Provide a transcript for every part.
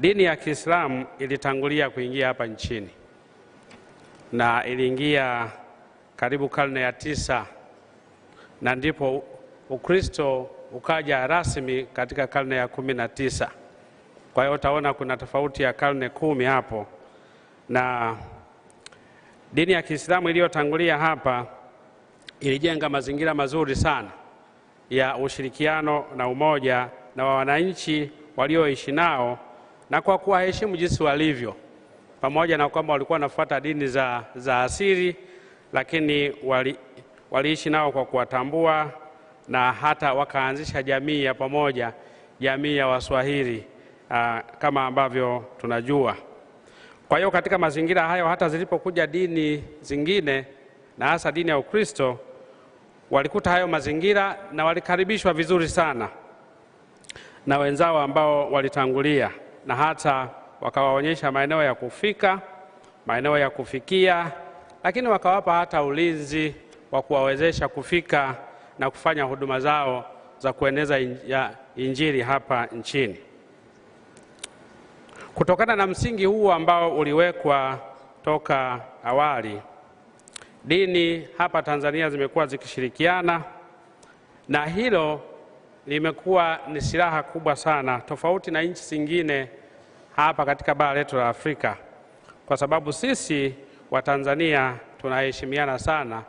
Dini ya Kiislamu ilitangulia kuingia hapa nchini na iliingia karibu karne ya tisa, na ndipo Ukristo ukaja rasmi katika karne ya kumi na tisa. Kwa hiyo utaona kuna tofauti ya karne kumi hapo, na dini ya Kiislamu iliyotangulia hapa ilijenga mazingira mazuri sana ya ushirikiano na umoja na wananchi walioishi nao na kwa kuwaheshimu jinsi walivyo, pamoja na kwamba walikuwa wanafuata dini za, za asili, lakini wali, waliishi nao kwa kuwatambua na hata wakaanzisha jamii ya pamoja, jamii ya Waswahili aa, ah, kama ambavyo tunajua. Kwa hiyo katika mazingira hayo, hata zilipokuja dini zingine na hasa dini ya Ukristo, walikuta hayo mazingira na walikaribishwa vizuri sana na wenzao ambao walitangulia na hata wakawaonyesha maeneo ya kufika, maeneo ya kufikia, lakini wakawapa hata ulinzi wa kuwawezesha kufika na kufanya huduma zao za kueneza Injili hapa nchini. Kutokana na msingi huu ambao uliwekwa toka awali, dini hapa Tanzania zimekuwa zikishirikiana na hilo limekuwa ni silaha kubwa sana, tofauti na nchi zingine hapa katika bara letu la Afrika, kwa sababu sisi Watanzania tunaheshimiana sana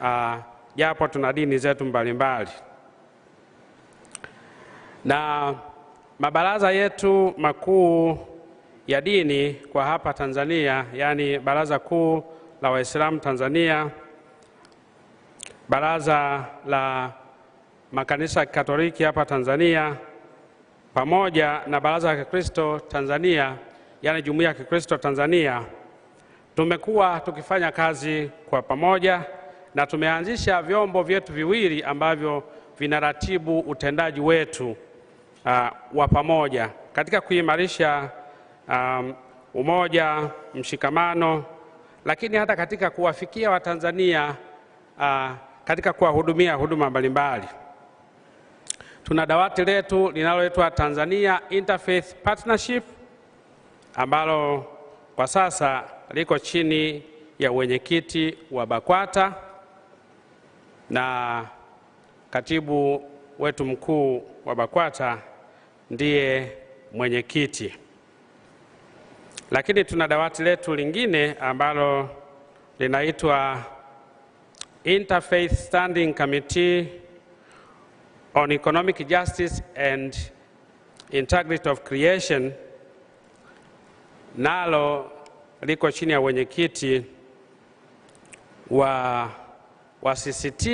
uh, japo tuna dini zetu mbalimbali na mabaraza yetu makuu ya dini kwa hapa Tanzania, yaani Baraza Kuu la Waislamu Tanzania, Baraza la makanisa ya Katoliki hapa Tanzania pamoja na Baraza la Kikristo Tanzania, yani Jumuiya ya Kikristo Tanzania, tumekuwa tukifanya kazi kwa pamoja na tumeanzisha vyombo vyetu viwili ambavyo vinaratibu utendaji wetu uh, wa pamoja katika kuimarisha um, umoja, mshikamano, lakini hata katika kuwafikia Watanzania uh, katika kuwahudumia huduma mbalimbali. Tuna dawati letu linaloitwa Tanzania Interfaith Partnership ambalo kwa sasa liko chini ya wenyekiti wa BAKWATA na katibu wetu mkuu wa BAKWATA ndiye mwenyekiti. Lakini tuna dawati letu lingine ambalo linaitwa Interfaith Standing Committee on economic justice and integrity of creation nalo liko chini ya wenyekiti wa, wa CCT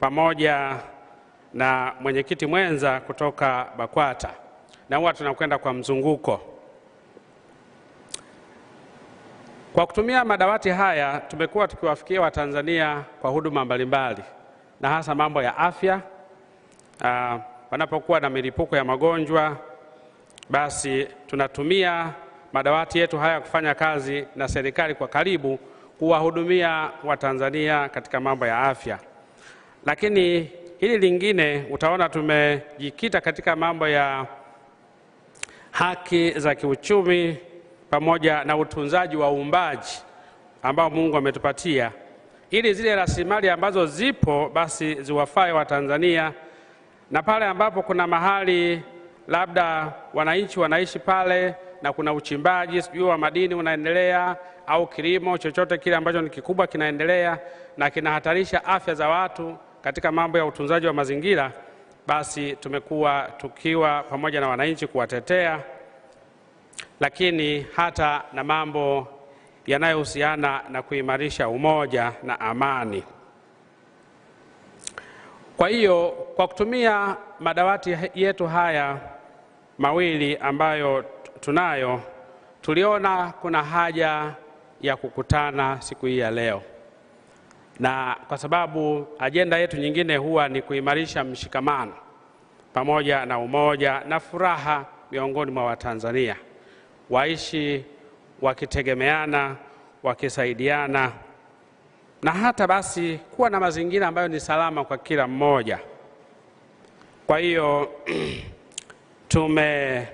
pamoja na mwenyekiti mwenza kutoka BAKWATA, na huwa tunakwenda kwa mzunguko. Kwa kutumia madawati haya tumekuwa tukiwafikia Watanzania kwa huduma mbalimbali na hasa mambo ya afya uh, panapokuwa na milipuko ya magonjwa, basi tunatumia madawati yetu haya kufanya kazi na serikali kwa karibu kuwahudumia Watanzania katika mambo ya afya. Lakini hili lingine, utaona tumejikita katika mambo ya haki za kiuchumi pamoja na utunzaji wa uumbaji ambao Mungu ametupatia, ili zile rasilimali ambazo zipo basi ziwafae Watanzania na pale ambapo kuna mahali labda wananchi wanaishi pale na kuna uchimbaji sijui wa madini unaendelea au kilimo chochote kile ambacho ni kikubwa kinaendelea na kinahatarisha afya za watu katika mambo ya utunzaji wa mazingira, basi tumekuwa tukiwa pamoja na wananchi kuwatetea, lakini hata na mambo yanayohusiana na kuimarisha umoja na amani. Kwa hiyo kwa kutumia madawati yetu haya mawili ambayo tunayo, tuliona kuna haja ya kukutana siku hii ya leo, na kwa sababu ajenda yetu nyingine huwa ni kuimarisha mshikamano pamoja na umoja na furaha miongoni mwa Watanzania, waishi wakitegemeana, wakisaidiana na hata basi kuwa na mazingira ambayo ni salama kwa kila mmoja. Kwa hiyo tume,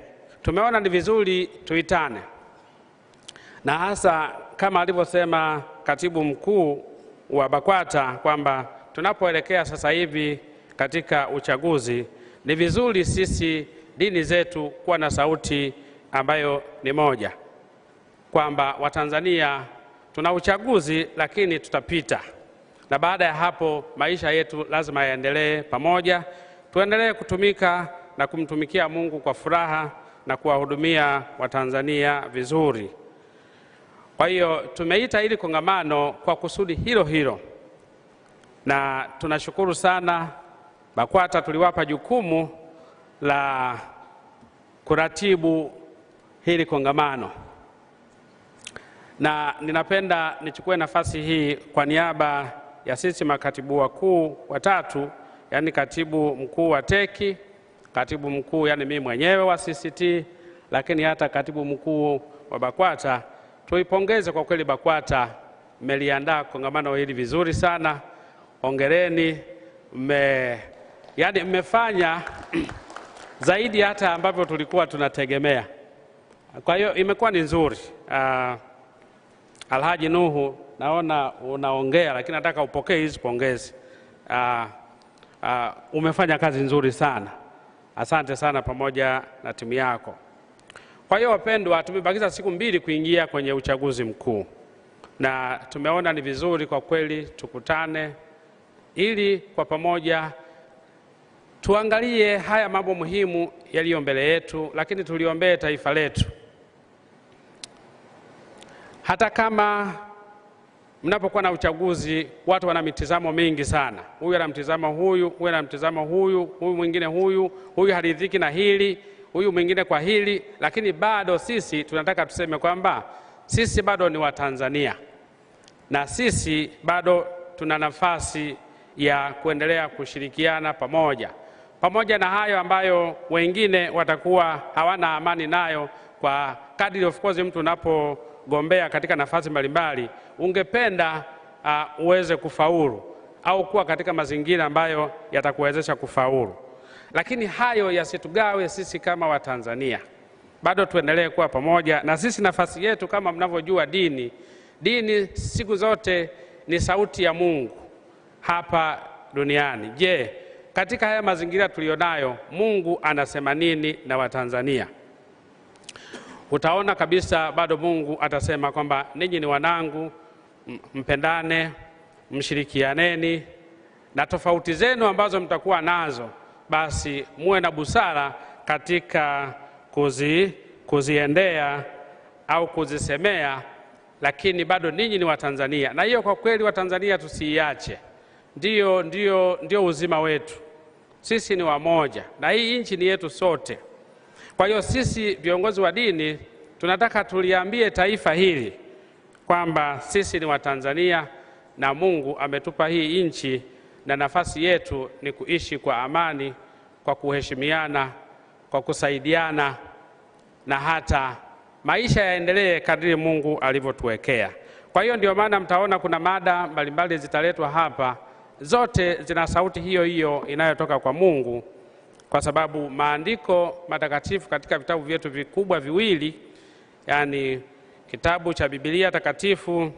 tumeona ni vizuri tuitane, na hasa kama alivyosema katibu mkuu wa BAKWATA kwamba tunapoelekea sasa hivi katika uchaguzi, ni vizuri sisi dini zetu kuwa na sauti ambayo ni moja, kwamba Watanzania Tuna uchaguzi lakini tutapita, na baada ya hapo maisha yetu lazima yaendelee pamoja. Tuendelee kutumika na kumtumikia Mungu kwa furaha na kuwahudumia Watanzania vizuri. Kwa hiyo tumeita hili kongamano kwa kusudi hilo hilo, na tunashukuru sana BAKWATA tuliwapa jukumu la kuratibu hili kongamano na ninapenda nichukue nafasi hii kwa niaba ya sisi makatibu wakuu watatu, yani katibu mkuu wa teki, katibu mkuu yani mimi mwenyewe wa CCT, lakini hata katibu mkuu wa BAKWATA, tuipongeze kwa kweli BAKWATA, mmeliandaa kongamano hili vizuri sana. Hongereni mme, yani mmefanya zaidi hata ambavyo tulikuwa tunategemea. Kwa hiyo imekuwa ni nzuri. Uh, Alhaji Nuhu, naona unaongea lakini nataka upokee hizi pongezi. Uh, uh, umefanya kazi nzuri sana, asante sana pamoja na timu yako. Kwa hiyo wapendwa, tumebakiza siku mbili kuingia kwenye uchaguzi mkuu, na tumeona ni vizuri kwa kweli tukutane ili kwa pamoja tuangalie haya mambo muhimu yaliyo mbele yetu, lakini tuliombee taifa letu. Hata kama mnapokuwa na uchaguzi, watu wana mitizamo mingi sana, huyu ana mtizamo huyu, huyu ana mtizamo huyu, huyu mwingine huyu, huyu haridhiki na hili, huyu mwingine kwa hili, lakini bado sisi tunataka tuseme kwamba sisi bado ni Watanzania na sisi bado tuna nafasi ya kuendelea kushirikiana pamoja, pamoja na hayo ambayo wengine watakuwa hawana amani nayo, kwa kadri of course mtu unapo kugombea katika nafasi mbalimbali ungependa uh, uweze kufaulu au kuwa katika mazingira ambayo yatakuwezesha kufaulu. Lakini hayo yasitugawe sisi kama Watanzania, bado tuendelee kuwa pamoja na sisi. Nafasi yetu kama mnavyojua, dini dini siku zote ni sauti ya Mungu hapa duniani. Je, katika haya mazingira tuliyonayo Mungu anasema nini na Watanzania? utaona kabisa bado Mungu atasema kwamba ninyi ni wanangu, mpendane, mshirikianeni, na tofauti zenu ambazo mtakuwa nazo basi muwe na busara katika kuzi, kuziendea au kuzisemea, lakini bado ninyi ni Watanzania, na hiyo kwa kweli Watanzania tusiiache. ndio, ndio, ndio uzima wetu. Sisi ni wamoja na hii nchi ni yetu sote. Kwa hiyo sisi viongozi wa dini tunataka tuliambie taifa hili kwamba sisi ni Watanzania na Mungu ametupa hii nchi na nafasi yetu ni kuishi kwa amani, kwa kuheshimiana, kwa kusaidiana na hata maisha yaendelee kadiri Mungu alivyotuwekea. Kwa hiyo ndio maana mtaona kuna mada mbalimbali zitaletwa hapa, zote zina sauti hiyo hiyo inayotoka kwa Mungu kwa sababu maandiko matakatifu katika vitabu vyetu vikubwa viwili, yani kitabu cha Biblia takatifu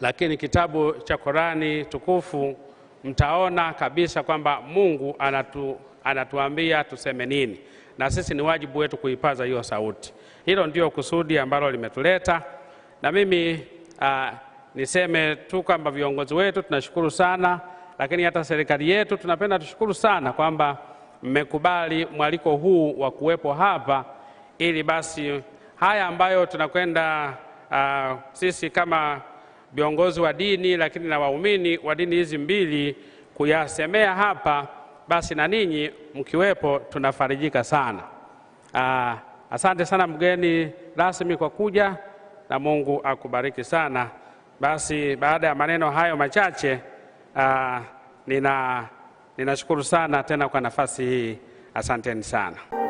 lakini kitabu cha Korani tukufu, mtaona kabisa kwamba Mungu anatu, anatuambia tuseme nini, na sisi ni wajibu wetu kuipaza hiyo sauti. Hilo ndio kusudi ambalo limetuleta, na mimi uh, niseme tu kwamba viongozi wetu tunashukuru sana, lakini hata serikali yetu tunapenda tushukuru sana kwamba mmekubali mwaliko huu wa kuwepo hapa, ili basi haya ambayo tunakwenda uh, sisi kama viongozi wa dini lakini na waumini wa dini hizi mbili kuyasemea hapa, basi na ninyi mkiwepo tunafarijika sana. Uh, asante sana mgeni rasmi kwa kuja na Mungu akubariki sana. Basi baada ya maneno hayo machache uh, nina Ninashukuru sana tena kwa nafasi hii, asanteni sana.